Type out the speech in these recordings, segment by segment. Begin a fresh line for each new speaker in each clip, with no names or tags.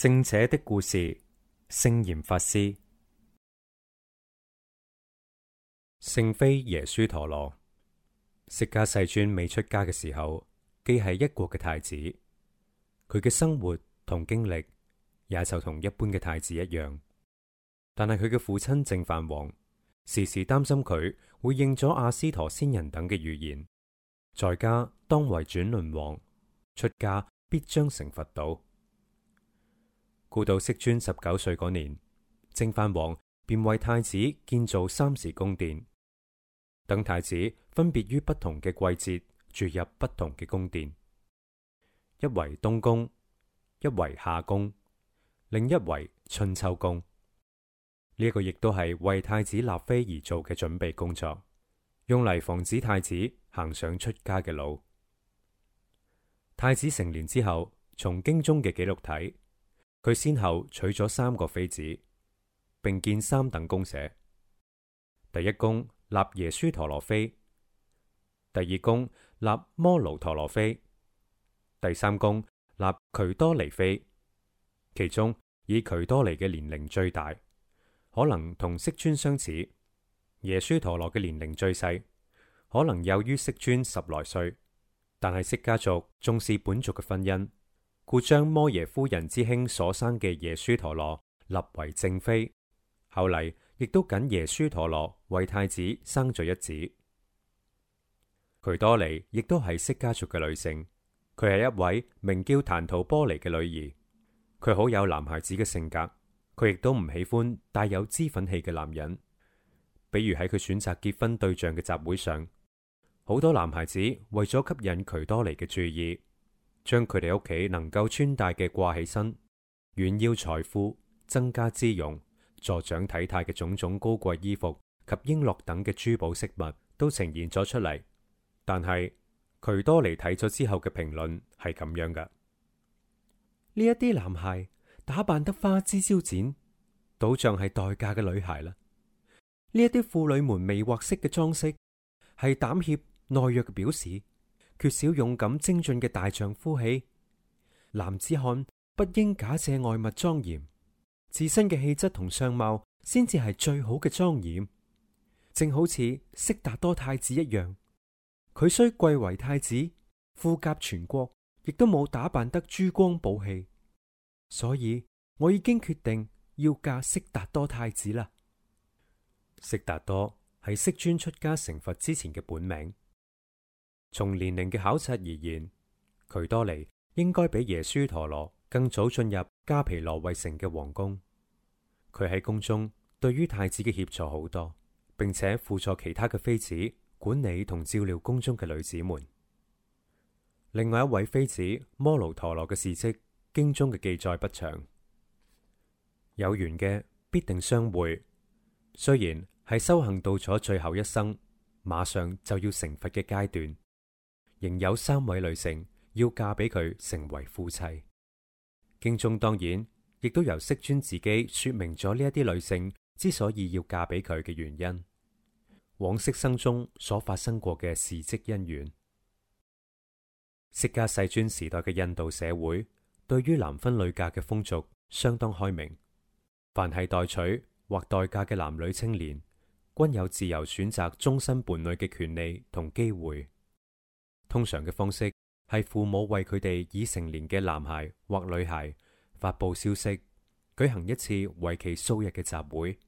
聖者的故事，聖嚴法師，聖妃耶輸陀羅，釋迦世尊未出家嘅時候，既係一國嘅太子，佢嘅生活同經歷也就同一般嘅太子一樣。但係佢嘅父親淨飯王時時擔心佢會應咗阿斯陀仙人等嘅預言，在家當為轉輪王，出家必將成佛道。故到釋尊十九歲嗰年，淨飯王便為太子建造三時宮殿，等太子分別於不同嘅季節住入不同嘅宮殿，一為東宮，一為夏宮，另一為春秋宮。呢、這、一個亦都係為太子立妃而做嘅準備工作，用嚟防止太子行上出家嘅路。太子成年之後，從經中嘅記錄睇。佢先後娶咗三個妃子，並建三等宮舍。第一宮立耶輸陀羅妃，第二宮立摩奴陀羅妃，第三宮立渠多尼妃。其中以渠多尼嘅年齡最大，可能同釋尊相似；耶輸陀羅嘅年齡最細，可能幼於釋尊十來歲。但係釋迦族重視本族嘅婚姻。故將摩耶夫人之兄所生嘅耶輸陀羅立為正妃，後嚟亦都僅耶輸陀羅為太子生咗一子。渠多尼亦都係釋迦族嘅女性，佢係一位名叫檀陀波尼嘅女兒，佢好有男孩子嘅性格，佢亦都唔喜歡帶有脂粉氣嘅男人，比如喺佢選擇結婚對象嘅集會上，好多男孩子為咗吸引渠多尼嘅注意。將佢哋屋企能夠穿戴嘅掛起身，炫耀財富，增加姿容，助長體態嘅種種高貴衣服及瓔珞等嘅珠寶飾物都呈現咗出嚟。但係佢多嚟睇咗之後嘅評論係咁樣噶：呢一啲男孩打扮得花枝招展，倒像係待嫁嘅女孩啦。呢一啲婦女們魅惑式嘅裝飾，係膽怯懦弱嘅表示。缺少勇敢精進嘅大丈夫氣，男子漢不應假借外物莊嚴，自身嘅氣質同相貌先至係最好嘅莊嚴。正好似悉達多太子一樣，佢雖貴為太子，富甲全國，亦都冇打扮得珠光寶氣。所以我已經決定要嫁悉達多太子啦。悉達多係釋尊出家成佛之前嘅本名。從年齡嘅考察而言，渠多尼應該比耶輸陀羅更早進入迦毘羅衛城嘅皇宮。佢喺宮中對於太子嘅協助好多，並且輔助其他嘅妃子管理同照料宮中嘅女子們。另外一位妃子摩羅陀羅嘅事跡經中嘅記載不詳，有緣嘅必定相會。雖然係修行到咗最後一生，馬上就要成佛嘅階段。仍有三位女性要嫁俾佢成為夫妻，經中當然亦都由釋尊自己說明咗呢一啲女性之所以要嫁俾佢嘅原因，往昔生中所發生過嘅事跡因緣。釋迦世尊時代嘅印度社會對於男婚女嫁嘅風俗相當開明，凡係待娶或待嫁嘅男女青年均有自由選擇終身伴侶嘅權利同機會。通常嘅方式係父母為佢哋已成年嘅男孩或女孩發佈消息，舉行一次為期數日嘅集會，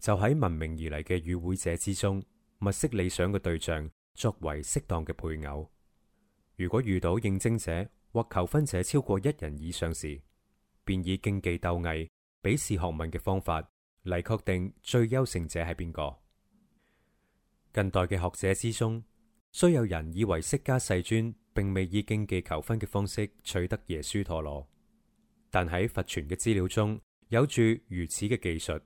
就喺聞名而嚟嘅與會者之中，物色理想嘅對象作為適當嘅配偶。如果遇到應徵者或求婚者超過一人以上時，便以競技鬥藝、比試學問嘅方法嚟確定最優勝者係邊個。近代嘅學者之中。雖有人以為釋迦世尊並未以競技求婚嘅方式取得耶輸陀羅，但喺佛傳嘅資料中有住如此嘅記述，呢、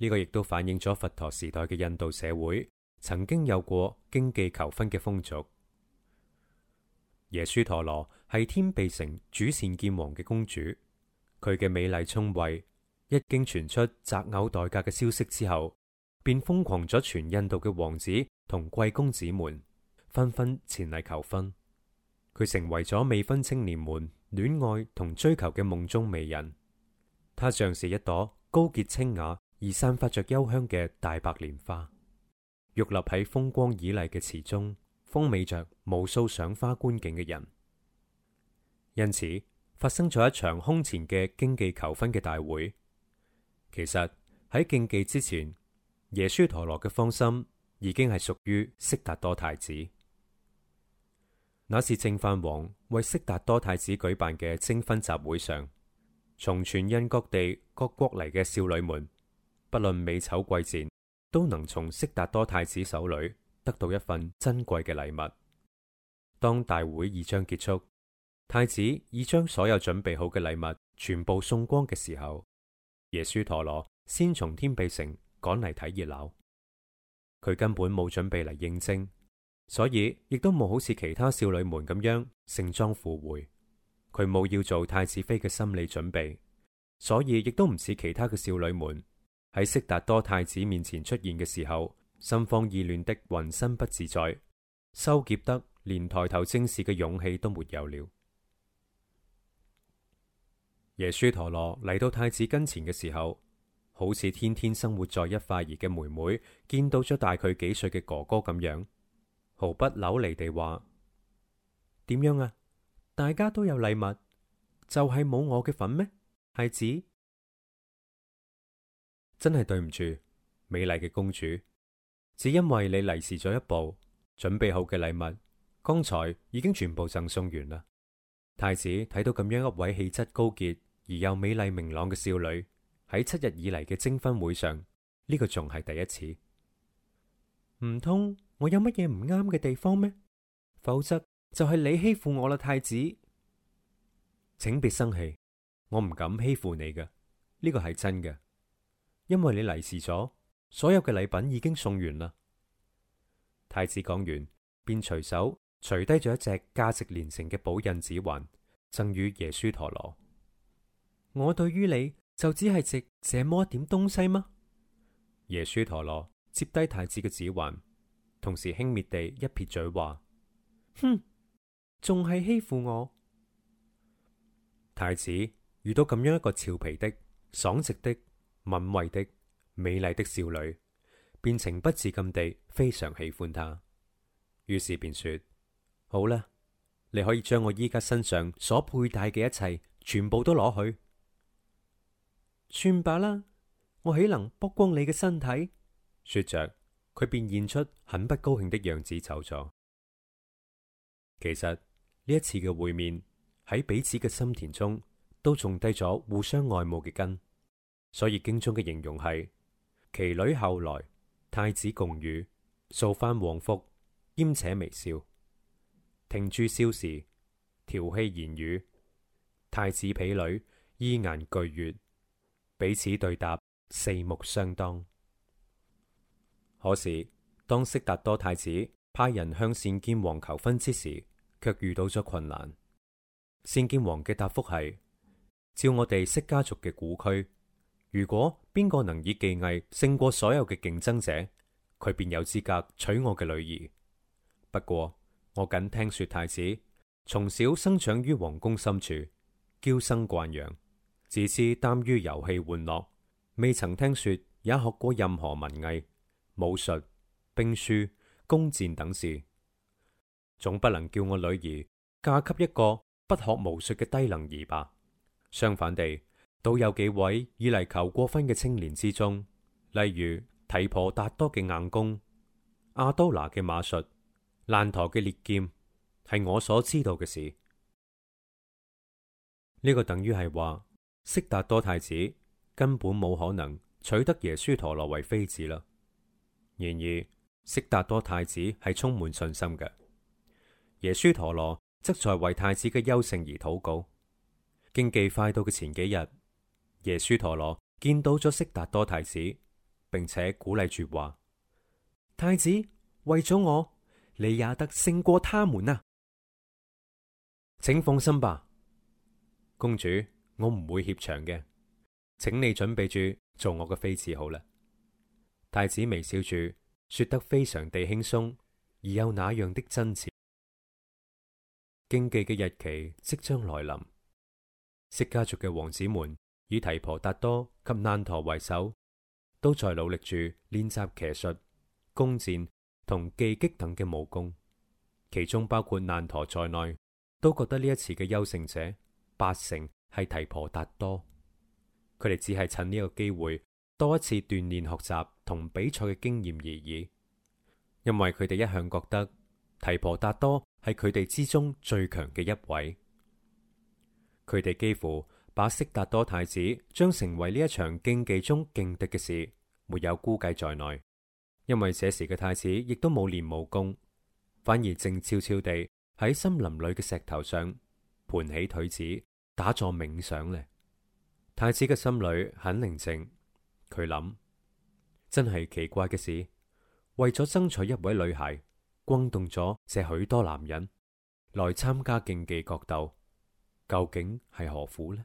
這個亦都反映咗佛陀時代嘅印度社會曾經有過競技求婚嘅風俗。耶輸陀羅係天臂城主善劍王嘅公主，佢嘅美麗聰慧一經傳出擇偶待嫁嘅消息之後，便瘋狂咗全印度嘅王子同貴公子們。紛紛前嚟求婚，佢成為咗未婚青年們戀愛同追求嘅夢中美人。她像是一朵高潔清雅而散發着幽香嘅大白蓮花，玉立喺風光旖麗嘅池中，風美着無數賞花觀景嘅人。因此發生咗一場空前嘅競技求婚嘅大會。其實喺競技之前，耶輸陀羅嘅芳心已經係屬於悉達多太子。那是淨飯王為悉達多太子舉辦嘅徵婚集會上，從全印各地各國嚟嘅少女們，不論美醜貴賤，都能從悉達多太子手裏得到一份珍貴嘅禮物。當大會已將結束，太子已將所有準備好嘅禮物全部送光嘅時候，耶輸陀羅先從天臂城趕嚟睇熱鬧，佢根本冇準備嚟應徵。所以亦都冇好似其他少女們咁樣盛裝赴會，佢冇要做太子妃嘅心理準備，所以亦都唔似其他嘅少女們喺悉達多太子面前出現嘅時候，心慌意亂的，渾身不自在，羞劫得連抬頭正視嘅勇氣都沒有了。耶輸陀羅嚟到太子跟前嘅時候，好似天天生活在一塊兒嘅妹妹見到咗大佢幾歲嘅哥哥咁樣。毫不扭離地話：點樣啊？大家都有禮物，就係、是、冇我嘅份咩？太子，真係對唔住，美麗嘅公主，只因為你嚟遲咗一步，準備好嘅禮物剛才已經全部贈送完啦。太子睇到咁樣一位氣質高潔而又美麗明朗嘅少女喺七日以嚟嘅徵婚會上，呢、這個仲係第一次，唔通？我有乜嘢唔啱嘅地方咩？否則就係你欺負我啦，太子，請別生氣，我唔敢欺負你嘅呢、這個係真嘅，因為你嚟遲咗，所有嘅禮品已經送完啦。太子講完，便隨手除低咗一隻價值連城嘅寶印指環，贈予耶輸陀羅。我對於你就只係值這麼一點東西嗎？耶輸陀羅接低太子嘅指環。同時輕蔑地一撇嘴，話：哼，仲係欺負我。太子遇到咁樣一個俏皮的、爽直的、敏慧的、美麗的少女，便情不自禁地非常喜歡她。於是便說：好啦，你可以將我依家身上所佩戴嘅一切，全部都攞去。算罷啦，我豈能剝光你嘅身體？說着。佢便現出很不高興的樣子走咗。其實呢一次嘅會面喺彼此嘅心田中都種低咗互相愛慕嘅根。所以經中嘅形容係：其女後來，太子共語，數番往復，兼且微笑，停住消時，調戲言語。太子婢女，衣顏俱悅，彼此對答，四目相當。可是，當悉達多太子派人向善劍王求婚之時，卻遇到咗困難。善劍王嘅答覆係：照我哋釋迦族嘅古規，如果邊個能以技藝勝過所有嘅競爭者，佢便有資格娶我嘅女兒。不過，我僅聽說太子從小生長於皇宮深處，嬌生慣養，自視耽於遊戲玩樂，未曾聽說也學過任何文藝。武術、兵書、弓箭等事，總不能叫我女兒嫁給一個不學無術嘅低能兒吧？相反地，都有幾位以嚟求過婚嘅青年之中，例如提婆達多嘅硬功、阿多拿嘅馬術、爛陀嘅烈劍，係我所知道嘅事。呢、這個等於係話，悉達多太子根本冇可能取得耶輸陀羅為妃子啦。然而，悉達多太子係充滿信心嘅。耶輸陀羅則在為太子嘅優勝而禱告。競技快到嘅前幾日，耶輸陀羅見到咗悉達多太子，並且鼓勵住話：「太子，為咗我，你也得勝過他們啊！請放心吧，公主，我唔會怯場嘅。請你準備住做我嘅妃子好啦。太子微笑住，說得非常地輕鬆，而有那樣的真切。競技嘅日期即將來臨，釋迦族嘅王子們以提婆達多及難陀為首，都在努力住練習騎術、弓箭同技擊等嘅武功，其中包括難陀在內，都覺得呢一次嘅優勝者八成係提婆達多。佢哋只係趁呢個機會。多一次鍛煉、學習同比賽嘅經驗而已，因為佢哋一向覺得提婆達多係佢哋之中最強嘅一位。佢哋幾乎把悉達多太子將成為呢一場競技中勁敵嘅事沒有估計在內，因為這時嘅太子亦都冇練武功，反而靜悄悄地喺森林裏嘅石頭上盤起腿子打坐冥想咧。太子嘅心裏很寧靜。佢諗，真係奇怪嘅事，為咗爭取一位女孩，轟動咗這許多男人來參加競技角鬥，究竟係何苦呢？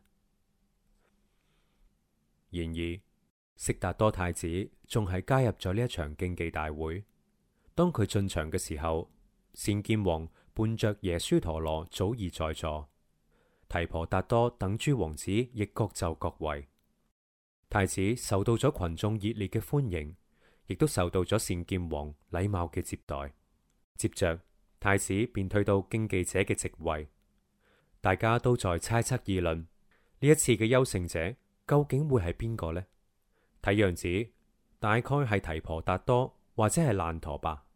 然而，悉達多太子仲係加入咗呢一場競技大會。當佢進場嘅時候，善見王伴着耶輸陀羅早已在座，提婆達多等諸王子亦各就各位。太子受到咗群眾熱烈嘅歡迎，亦都受到咗善劍王禮貌嘅接待。接着，太子便退到競技者嘅席位，大家都在猜測議論呢一次嘅優勝者究竟會係邊個呢？睇樣子大概係提婆達多或者係難陀吧。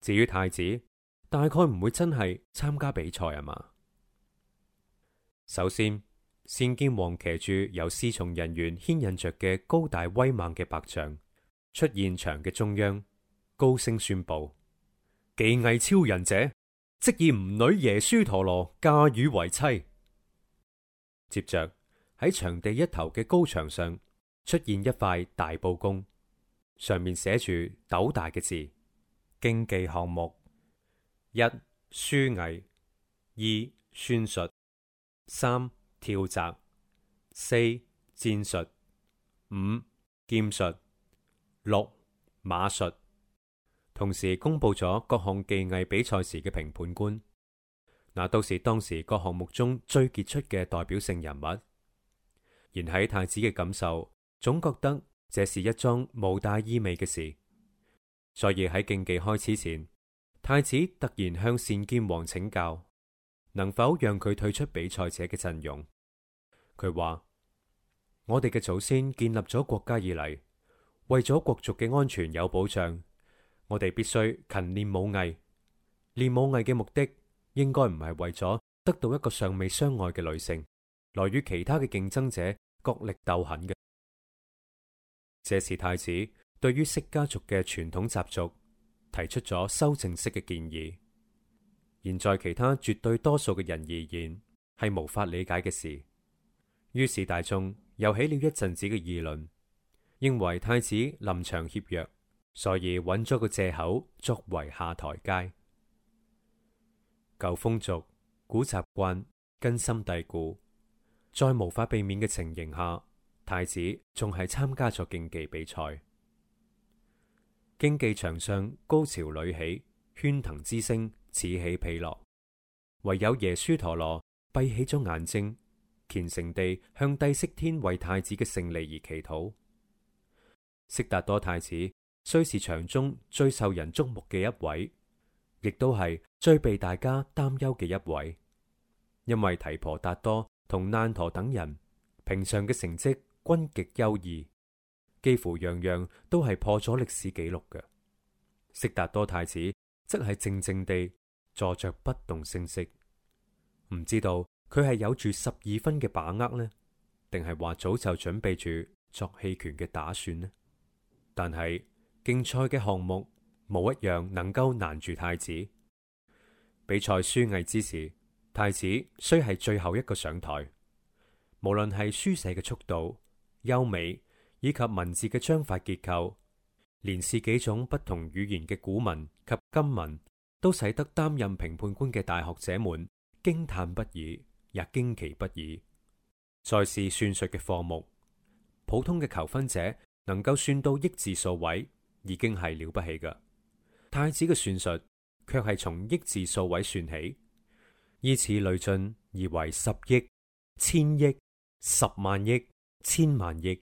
至於太子，大概唔會真係參加比賽啊嘛。首先。善覺王騎住由侍從人員牽引着嘅高大威猛嘅白象，出現場嘅中央，高聲宣布技藝超人者即以吾女耶輸陀羅嫁予為妻。接着喺場地一頭嘅高牆上出現一塊大佈告，上面寫住斗大嘅字：競技項目一、1. 書藝；二、算術；三。跳澤、四戰術、五劍術、六馬術，同時公布咗各項技藝比賽時嘅評判官。那都是當時各項目中最傑出嘅代表性人物。然喺太子嘅感受，總覺得這是一樁冇帶意味嘅事，所以喺競技開始前，太子突然向善劍王請教，能否讓佢退出比賽者嘅陣容。佢話：我哋嘅祖先建立咗國家以嚟，為咗國族嘅安全有保障，我哋必須勤練武藝。練武藝嘅目的，應該唔係為咗得到一個尚未相愛嘅女性，來與其他嘅競爭者角力鬥狠嘅。這是太子對於釋迦族嘅傳統習俗提出咗修正式嘅建議。現在其他絕對多數嘅人而言，係無法理解嘅事。於是大眾又起了一陣子嘅議論，認為太子臨場怯弱，所以揾咗個借口作為下台階。舊風俗、古習慣根深蒂固，在無法避免嘅情形下，太子仲係參加咗競技比賽。競技場上高潮屢起，喧騰之聲此起彼落，唯有耶輸陀羅閉起咗眼睛。虔誠地向帝釋天為太子嘅勝利而祈禱。悉達多太子雖是場中最受人矚目嘅一位，亦都係最被大家擔憂嘅一位，因為提婆達多同難陀等人平常嘅成績均極優異，幾乎各樣各樣都係破咗歷史紀錄嘅。悉達多太子則係靜靜地坐着，不動聲色，唔知道。佢係有住十二分嘅把握咧，定係話早就準備住作棄權嘅打算咧？但係競賽嘅項目冇一樣能夠難住太子。比賽書藝之時，太子雖係最後一個上台，無論係書寫嘅速度、優美以及文字嘅章法結構，連試幾種不同語言嘅古文及金文，都使得擔任評判官嘅大學者們驚嘆不已。也驚奇不已。再是算術嘅科目，普通嘅求婚者能夠算到億字數位，已經係了不起㗎。太子嘅算術卻係從億字數位算起，以此累進而為十億、千億、十萬億、千萬億、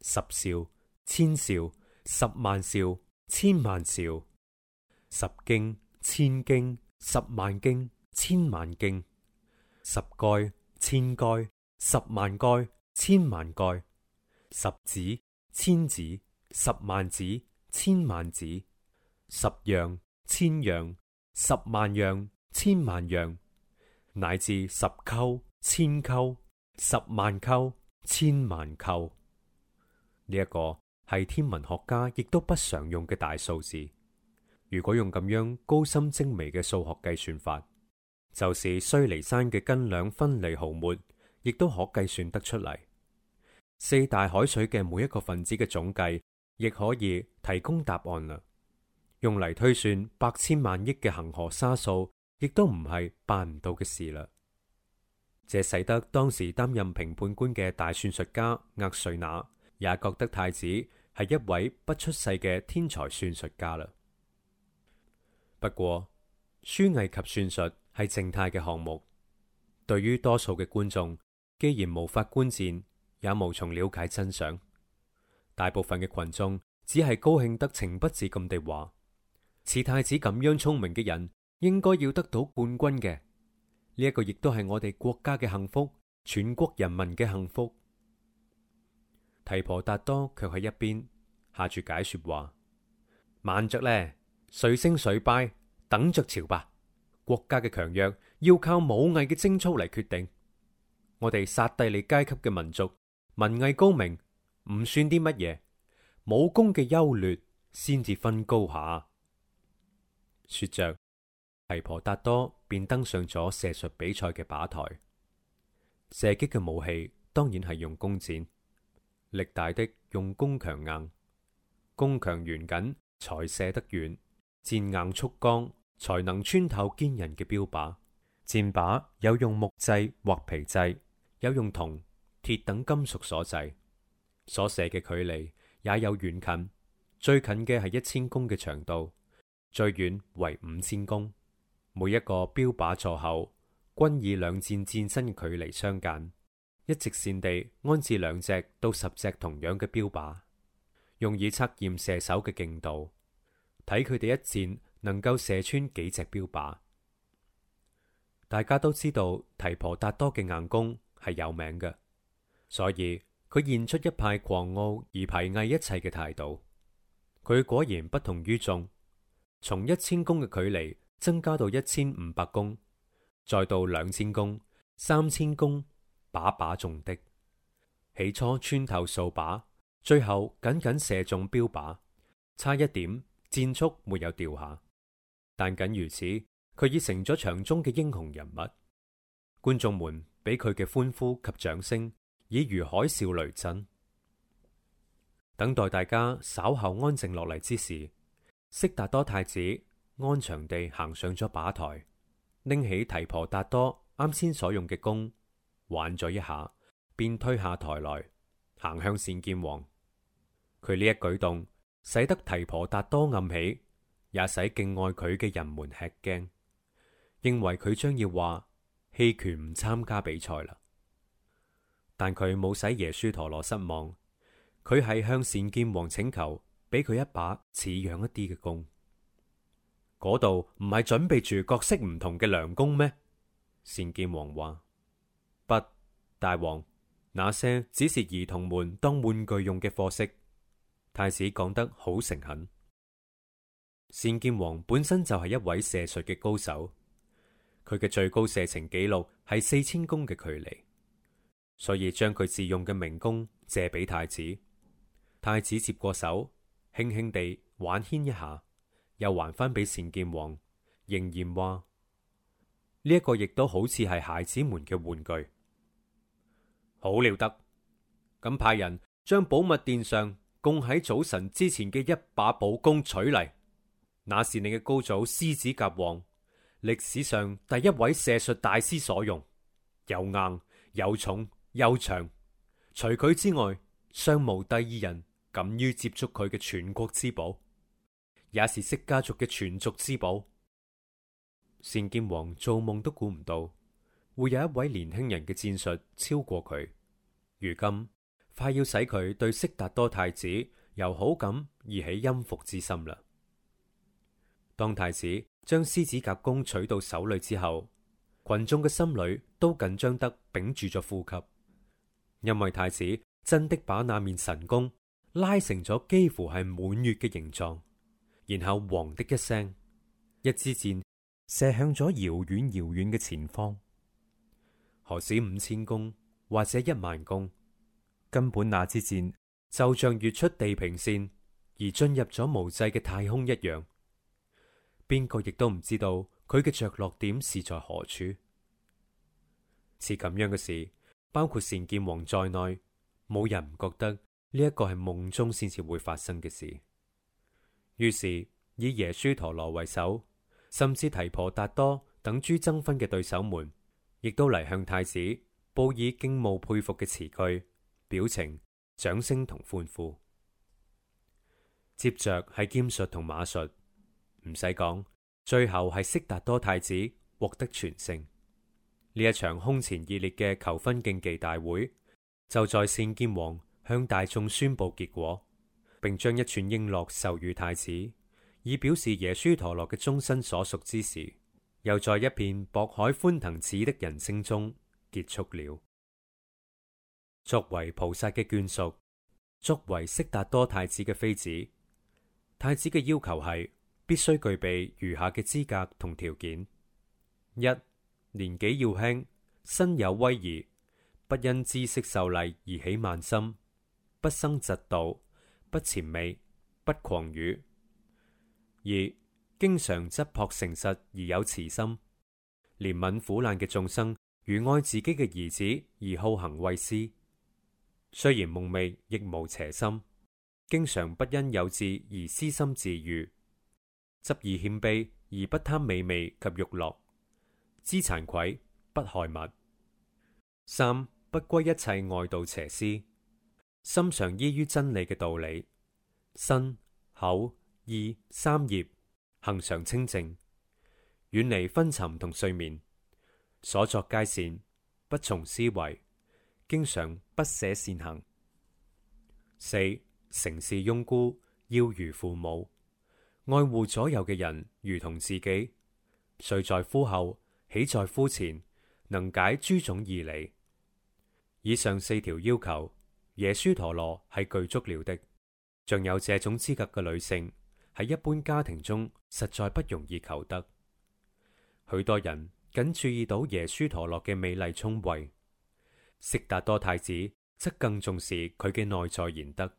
十兆、千兆、十萬兆、千萬兆、十經、千經、十萬經、千萬經。十蓋、千蓋、十萬蓋、千萬蓋；十指、千指、十萬指、千萬指、十樣、千樣、十萬樣、千萬樣，乃至十溝、千溝、十萬溝、千萬溝。呢、這、一個係天文學家亦都不常用嘅大數字。如果用咁樣高深精微嘅數學計算法。就是須彌山嘅斤兩分釐毫末，亦都可計算得出嚟。四大海水嘅每一個分子嘅總計，亦可以提供答案啦。用嚟推算百千萬億嘅恒河沙數，亦都唔係辦唔到嘅事啦。這使得當時擔任評判官嘅大算術家厄瑞娜也覺得太子係一位不出世嘅天才算術家啦。不過，書藝及算術。係靜態嘅項目，對於多數嘅觀眾，既然無法觀戰，也無從了解真相。大部分嘅群眾只係高興得情不自禁地話：似太子咁樣聰明嘅人，應該要得到冠軍嘅。呢一個亦都係我哋國家嘅幸福，全國人民嘅幸福。提婆達多卻喺一邊下住解說話：慢着呢，誰勝誰敗，等着瞧吧。國家嘅強弱要靠武藝嘅精粗嚟決定。我哋剎帝利階級嘅民族，文藝高明唔算啲乜嘢，武功嘅優劣先至分高下。說着，提婆達多便登上咗射術比賽嘅靶台。射擊嘅武器當然係用弓箭，力大的用弓強硬，弓強弦緊才射得遠，箭硬速剛。才能穿透堅韌嘅標靶。箭靶有用木製或皮製，有用銅、鐵等金屬所製。所射嘅距離也有遠近，最近嘅係一千公嘅長度，最遠為五千公。每一個標靶座後均以兩箭箭身嘅距離相間，一直線地安置兩隻到十隻同樣嘅標靶，用以測驗射手嘅勁度，睇佢哋一箭，能夠射穿幾隻標靶，大家都知道提婆達多嘅硬弓係有名嘅，所以佢現出一派狂傲而睥睨一切嘅態度。佢果然不同於眾，從一千弓嘅距離增加到一千五百弓，再到兩千弓、三千弓，靶靶中的。起初穿透數靶，最後僅僅射中標靶，差一點箭速，沒有掉下。但僅如此，佢已成咗場中嘅英雄人物。觀眾們俾佢嘅歡呼及掌聲，已如海嘯雷震。等待大家稍後安靜落嚟之時，悉達多太子安詳地行上咗靶台，拎起提婆達多啱先所用嘅弓，玩咗一下，便推下台來，行向善覺王。佢呢一舉動，使得提婆達多暗喜。也使敬愛佢嘅人們吃驚，認為佢將要話棄權唔參加比賽啦。但佢冇使耶輸陀羅失望，佢係向善劍王請求俾佢一把似樣一啲嘅弓。嗰度唔係準備住各式唔同嘅良弓咩？善劍王話：不，大王，那些只是兒童們當玩具用嘅貨色。太子講得好誠懇。善劍王本身就係一位射術嘅高手，佢嘅最高射程紀錄係四千公嘅距離，所以將佢自用嘅名弓借俾太子。太子接過手，輕輕地挽牽一下，又還翻俾善劍王，仍然話呢一個亦都好似係孩子們嘅玩具。好了得，咁派人將寶物殿上供喺早晨之前嘅一把寶弓取嚟。那是你嘅高祖獅子甲王，歷史上第一位射術大師所用，又硬又重又長。除佢之外，尚無第二人敢於接觸佢嘅全國之寶，也是釋迦族嘅全族之寶。善劍王做夢都估唔到，會有一位年輕人嘅戰術超過佢，如今快要使佢對悉達多太子由好感而起欽服之心啦。當太子將獅子夾弓取到手裏之後，群眾嘅心裏都緊張得屏住咗呼吸，因為太子真的把那面神弓拉成咗幾乎係滿月嘅形狀，然後“黃”的一聲，一支箭射向咗遙遠遙遠嘅前方。何止五千弓或者一萬弓，根本那支箭就像越出地平線而進入咗無際嘅太空一樣。邊個亦都唔知道佢嘅着落點是在何處，似咁樣嘅事，包括善劍王在內，冇人唔覺得呢一個係夢中先至會發生嘅事。於是以耶輸陀羅為首，甚至提婆達多等諸爭分嘅對手們，亦都嚟向太子，報以敬慕佩服嘅詞句、表情、掌聲同歡呼。接着係劍術同馬術。唔使講，最後係悉達多太子獲得全勝。呢一場空前熱烈嘅求婚競技大會，就在善見王向大眾宣布結果，並將一串瓔珞授予太子，以表示耶輸陀羅嘅終身所屬之時，又在一片薄海歡騰似的人聲中結束了。作為菩薩嘅眷屬，作為悉達多太子嘅妃子，太子嘅要求係。必須具備如下嘅資格同條件：一、年紀要輕，身有威儀，不因知識受利而起慢心，不生嫉妒，不前媚，不狂語；二、經常質樸誠實而有慈心，憐憫苦難嘅眾生，如愛自己嘅兒子而好行惠施，雖然夢寐亦無邪心，經常不因有志而私心自愈。執而謙卑，而不貪美味及欲樂，知慚愧，不害物。三不歸一切外道邪思，心常依於真理嘅道理，身口意三業行常清淨，遠離昏沉同睡眠，所作皆善，不從思維，經常不捨善行。四承事翁姑，要如父母。愛護左右嘅人如同自己，睡在夫後，起在夫前，能解諸種義理。以上四條要求，耶輸陀羅係具足了的。像有這種資格嘅女性，喺一般家庭中實在不容易求得。許多人僅注意到耶輸陀羅嘅美麗聰慧，悉達多太子則更重視佢嘅內在賢德。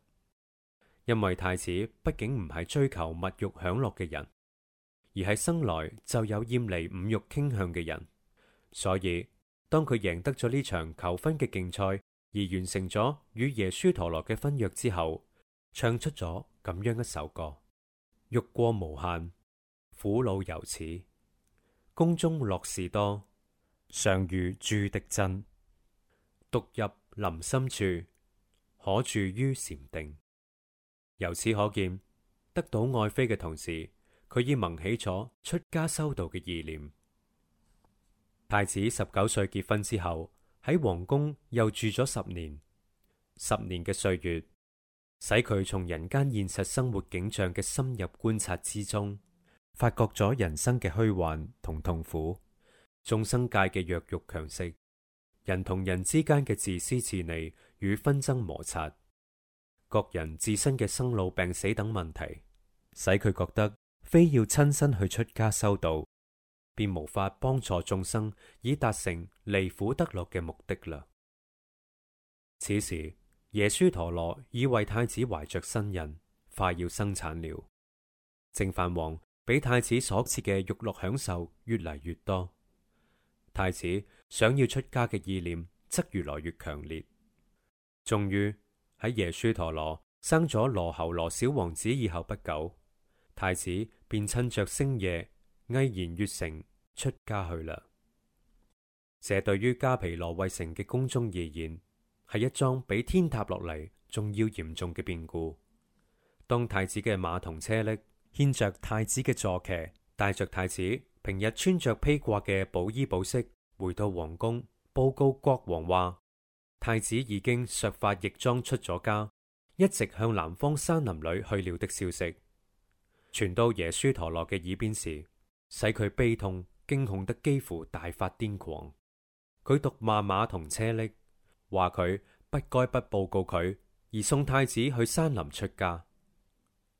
因為太子畢竟唔係追求物欲享樂嘅人，而係生來就有厭離五欲傾向嘅人，所以當佢贏得咗呢場求婚嘅競賽，而完成咗與耶輸陀羅嘅婚約之後，唱出咗咁樣一首歌： 欲過無限，苦惱由此；宮中樂事多，常遇駐敵陣；獨 入林深處，可住於禪定。由此可見，得到愛妃嘅同時，佢已萌起咗出家修道嘅意念。太子十九歲結婚之後，喺皇宮又住咗十年。十年嘅歲月，使佢從人間現實生活景象嘅深入觀察之中，發覺咗人生嘅虛幻同痛苦，眾生界嘅弱肉強食，人同人之間嘅自私自利與紛爭摩擦。各人自身嘅生老病死等問題，使佢覺得非要親身去出家修道，便無法幫助眾生以達成離苦得樂嘅目的啦。此時，耶輸陀羅已為太子懷着身孕，快要生產了。淨飯王俾太子所賜嘅欲樂享受越嚟越多，太子想要出家嘅意念則越來越強烈。終於。喺耶輸陀羅生咗羅睺羅小王子以後不久，太子便趁着星夜毅然越城出家去啦。這對於迦毗羅衛城嘅宮中而言，係一樁比天塌落嚟仲要嚴重嘅變故。當太子嘅馬同車匿牽着太子嘅坐騎，帶着太子平日穿着披掛嘅寶衣寶飾，回到皇宮報告國王話。太子已經削髮易裝出咗家，一直向南方山林裏去了的消息，傳到耶輸陀羅嘅耳邊時，使佢悲痛驚恐得幾乎大發癲狂。佢毒罵馬同車匿，話佢不該不報告佢而送太子去山林出家，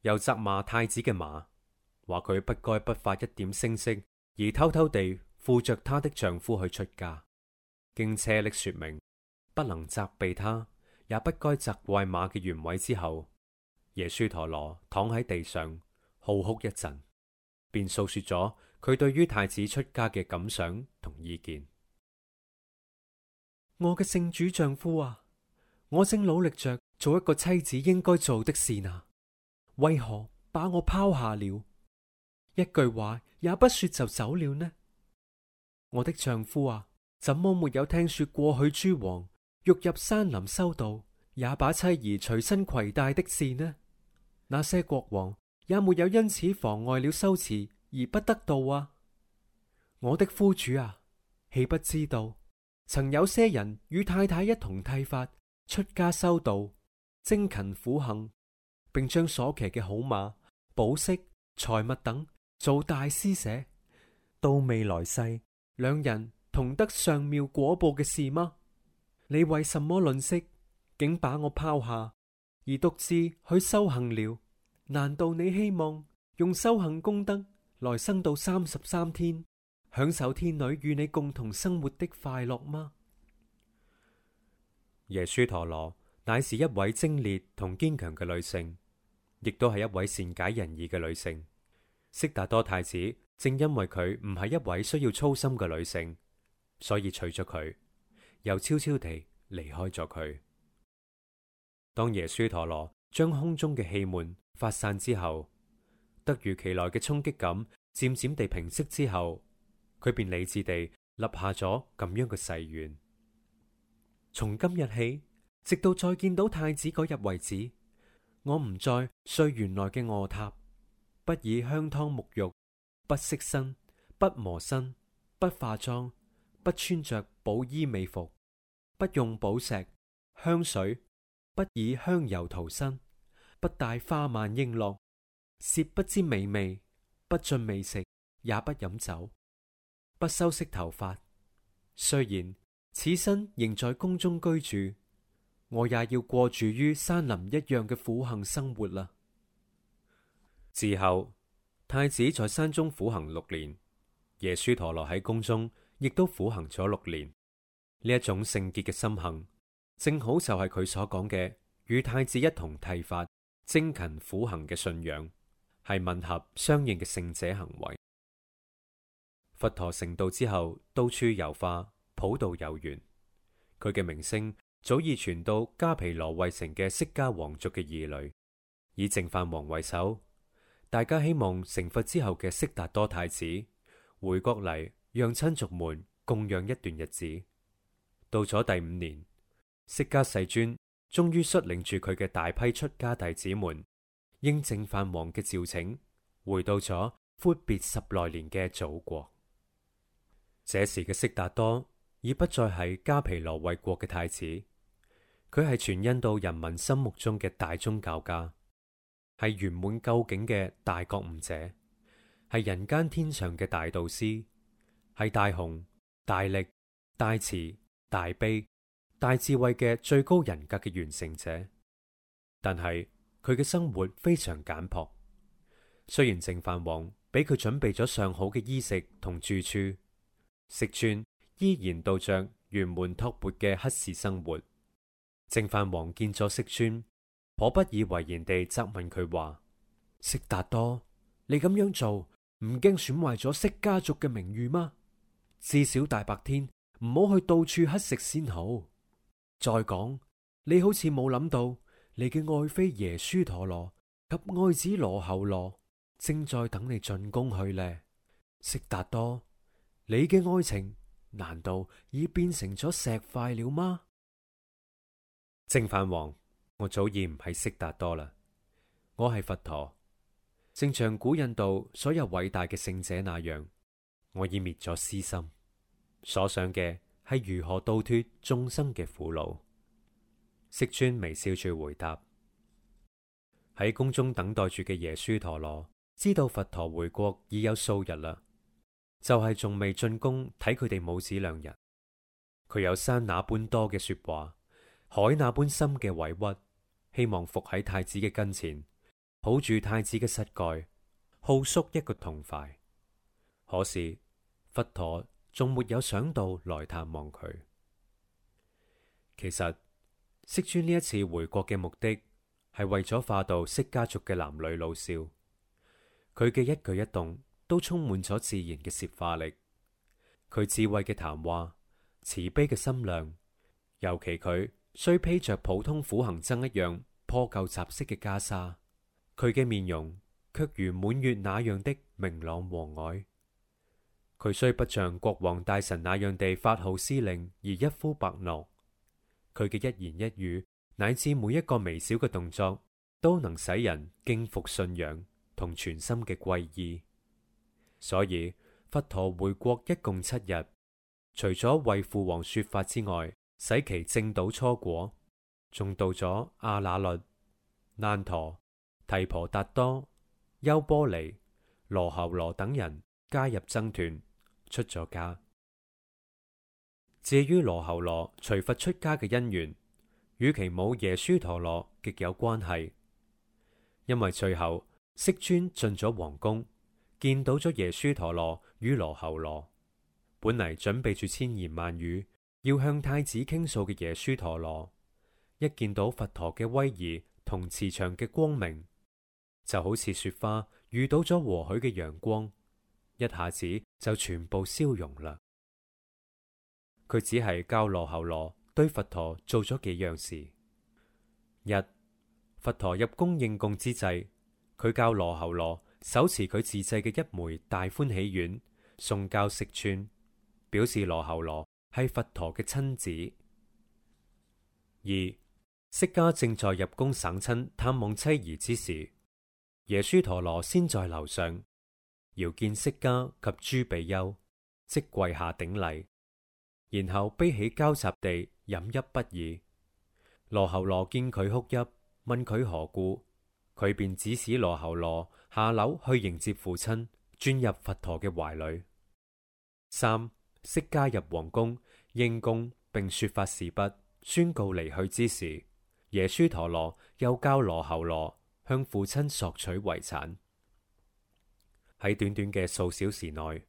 又責罵太子嘅馬，話佢不該不發一點聲息而偷偷地負着她的丈夫去出家。經車匿說明，不能責備他，也不該責怪馬嘅原委之後，耶輸陀羅躺喺地上嚎哭一陣，便訴說咗佢對於太子出家嘅感想同意見。我嘅聖主丈夫啊，我正努力着做一個妻子應該做的事啊。」為何把我拋下了一句話也不說就走了呢？我的丈夫啊，怎麼沒有聽說過去諸王，欲入山林修道，也把妻兒隨身携帶的事呢？那些國王也沒有因此妨礙了修持而不得道啊！我的夫主啊，豈不知道曾有些人與太太一同剃髮出家修道，精勤苦行，並將所騎嘅好馬、寶飾、財物等做大施捨，到未來世兩人同得上妙果報嘅事嗎？你為什麼吝惜，竟把我拋下，而獨自去修行了？難道你希望用修行功德來生到三十三天，享受天女與你共同生活的快樂嗎？耶輸陀羅乃是一位精烈同堅強嘅女性，亦都係一位善解人意嘅女性。悉達多太子正因為佢唔係一位需要操心嘅女性，所以娶咗佢。又悄悄地離開咗佢，當耶輸陀羅將空中嘅氣悶發散之後，突如其來嘅衝擊感漸漸地平息之後，佢便理智地立下咗咁樣嘅誓願：從今日起，直到再見到太子嗰日為止，我唔再睡原來嘅臥榻，不以香湯沐浴，不飾身，不磨身，不化妝。不穿着寶衣美服，不用寶石香水，不以香油塗身，不戴花鬘瓔珞，舌不知美味，不盡美食，也不飲酒，不修飾頭髮。雖然此身仍在宮中居住，我也要過住於山林一樣嘅苦行生活啦。之後，太子在山中苦行六年，耶輸陀羅喺宮中。亦都苦行咗六年，呢一種聖潔嘅心行，正好就係佢所講嘅與太子一同剃髮、精勤苦行嘅信仰，係吻合相應嘅聖者行為。佛陀成道之後，到處遊化，普度有緣，佢嘅名聲早已傳到加皮羅衛城嘅釋迦皇族嘅兒女，以淨飯王為首，大家希望成佛之後嘅悉達多太子回國嚟，讓親族們供養一段日子，到咗第五年，釋迦世尊終於率領住佢嘅大批出家弟子們，應淨飯王嘅召請，回到咗闊別十來年嘅祖國。這時嘅悉達多已不再係加皮羅衛國嘅太子，佢係全印度人民心目中嘅大宗教家，係圓滿究竟嘅大覺悟者，係人間天上嘅大導師。係大雄、大力、大慈、大悲、大智慧嘅最高人格嘅完成者，但係佢嘅生活非常簡朴。雖然淨飯王俾佢準備咗上好嘅衣食同住處，釋尊依然度着圓滿托缽嘅乞士生活。淨飯王見咗釋尊，頗不以為然地責問佢話：悉達多，你咁樣做，唔驚損壞咗釋迦族嘅名譽嗎？至少大白天唔好去到處乞食先好。再講，你好似冇諗到你嘅愛妃耶輸陀羅及愛子羅睺羅正在等你進宮去呢。悉達多，你嘅愛情難道已變成咗石塊了嗎？淨飯王，我早已唔係悉達多啦，我係佛陀，正像古印度所有偉大嘅聖者那樣。我已滅咗私心，所想嘅係如何度脱眾生嘅苦惱。釋尊微笑住回答：喺宮中等待住嘅耶輸陀羅，知道佛陀回國已有數日啦，就係、是、仲未進宮睇佢哋母子兩人。佢有山那般多嘅說話，海那般深嘅委屈，希望伏喺太子嘅跟前，抱住太子嘅膝蓋，號叔一個痛快。可是佛陀仲沒有想到來探望佢。其實釋尊呢一次回國嘅目的係為咗化導釋迦族嘅男女老少。佢嘅一舉一動都充滿咗自然嘅攝化力。佢智慧嘅談話、慈悲嘅心量，尤其佢雖披着普通苦行僧一樣破舊雜色嘅袈裟，佢嘅面容却如滿月那樣的明朗和藹。佢雖不像國王大臣那樣地發號施令而一呼百諾，佢嘅一言一語乃至每一個微小嘅動作，都能使人敬服信仰同全心嘅皈依。所以佛陀回國一共七日，除咗為父王說法之外，使其證到初果，仲到咗阿那律、難陀、提婆達多、優波離、羅睺羅等人加入僧團。出咗家。至於羅喉羅隨佛出家嘅因緣，與其母耶輸陀羅極有關係，因為最後釋尊進咗皇宮，見到咗耶輸陀羅與羅喉羅，本嚟準備住千言萬語要向太子傾訴嘅耶輸陀羅，一見到佛陀嘅威儀同慈祥嘅光明，就好似雪花遇到咗和煦嘅陽光。一下子就全部消融啦。佢只係教羅喉羅對佛陀做咗幾樣事：一、佛陀入宮應供之際，佢教羅喉羅手持佢自製嘅一枚大歡喜丸送交釋尊，表示羅喉羅係佛陀嘅親子；二、釋迦正在入宮省親探望妻兒之時，耶輸陀羅先在樓上。遙見釋迦及諸比丘，即跪下頂禮，然後悲喜交集地飲泣不已。羅喉羅見佢哭泣，問佢何故，佢便指使羅喉羅下樓去迎接父親，鑽入佛陀嘅懷裏。三、釋迦入皇宮，應供並說法事畢，宣告離去之時，耶輸陀羅又教羅喉羅向父親索取遺產。喺短短嘅數小時內，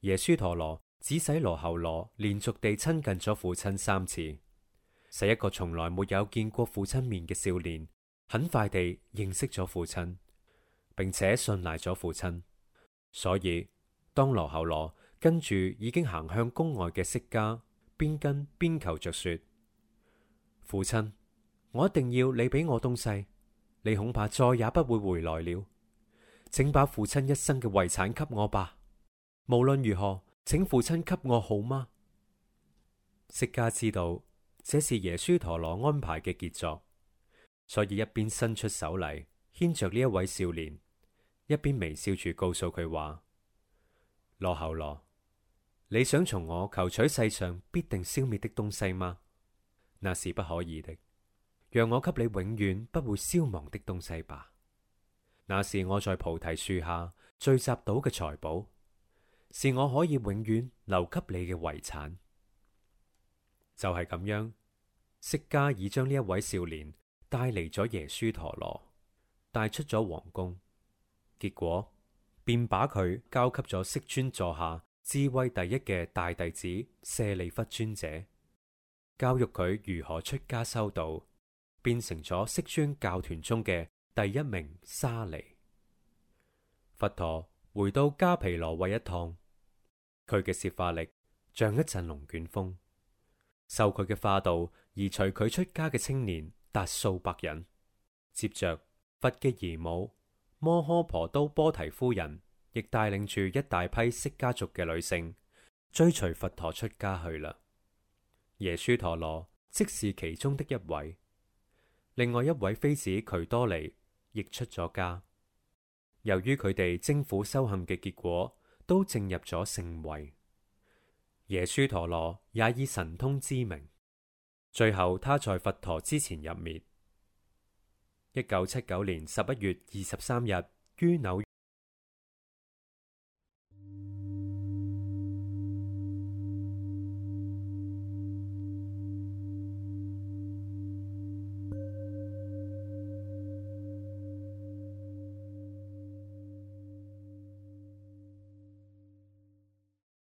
耶輸陀羅指使羅睺羅連續地親近咗父親三次，使一個從來沒有見過父親面嘅少年，很快地認識咗父親，並且信賴咗父親。所以，當羅睺羅跟住已經行向宮外嘅釋迦，邊跟邊求着說：「父親，我一定要你俾我東西，你恐怕再也不會回來了。請把父親一生嘅遺產給我吧。無論如何，請父親給我好嗎？釋迦知道這是耶輸陀羅安排嘅傑作，所以一邊伸出手嚟牽着呢一位少年，一邊微笑住告訴佢話：羅睺羅，你想從我求取世上必定消滅的東西嗎？那是不可以的。讓我給你永遠不會消亡的東西吧。那是我在菩提樹下聚集到嘅財寶，是我可以永遠留給你嘅遺產。就係咁樣，釋迦已將呢一位少年帶嚟咗耶輸陀羅，帶出咗皇宮，結果便把佢交給咗釋尊座下智慧第一嘅大弟子舍利弗尊者，教育佢如何出家修道，變成咗釋尊教團中嘅。第一名沙尼。佛陀回到迦毗羅衛一趟，佢嘅攝化力像一陣龍捲風，受佢嘅化道而隨佢出家嘅青年達數百人。接着，佛嘅姨母摩訶婆都波提夫人亦帶領住一大批釋迦族嘅女性追隨佛陀出家去啦。耶輸陀羅即是其中的一位，另外一位妃子渠多尼。亦出咗家，由於佢哋精苦修行嘅結果，都正入咗聖位。耶輸陀羅也以神通知名，最後他在佛陀之前入滅。一九七九年十一月二十三日於紐。